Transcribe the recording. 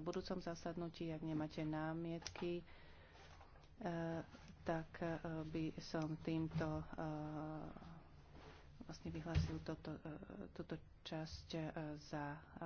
budúcom zasadnutí, ak nemáte námietky, e, tak e, by som týmto e, vlastne vyhlásil toto, túto časť za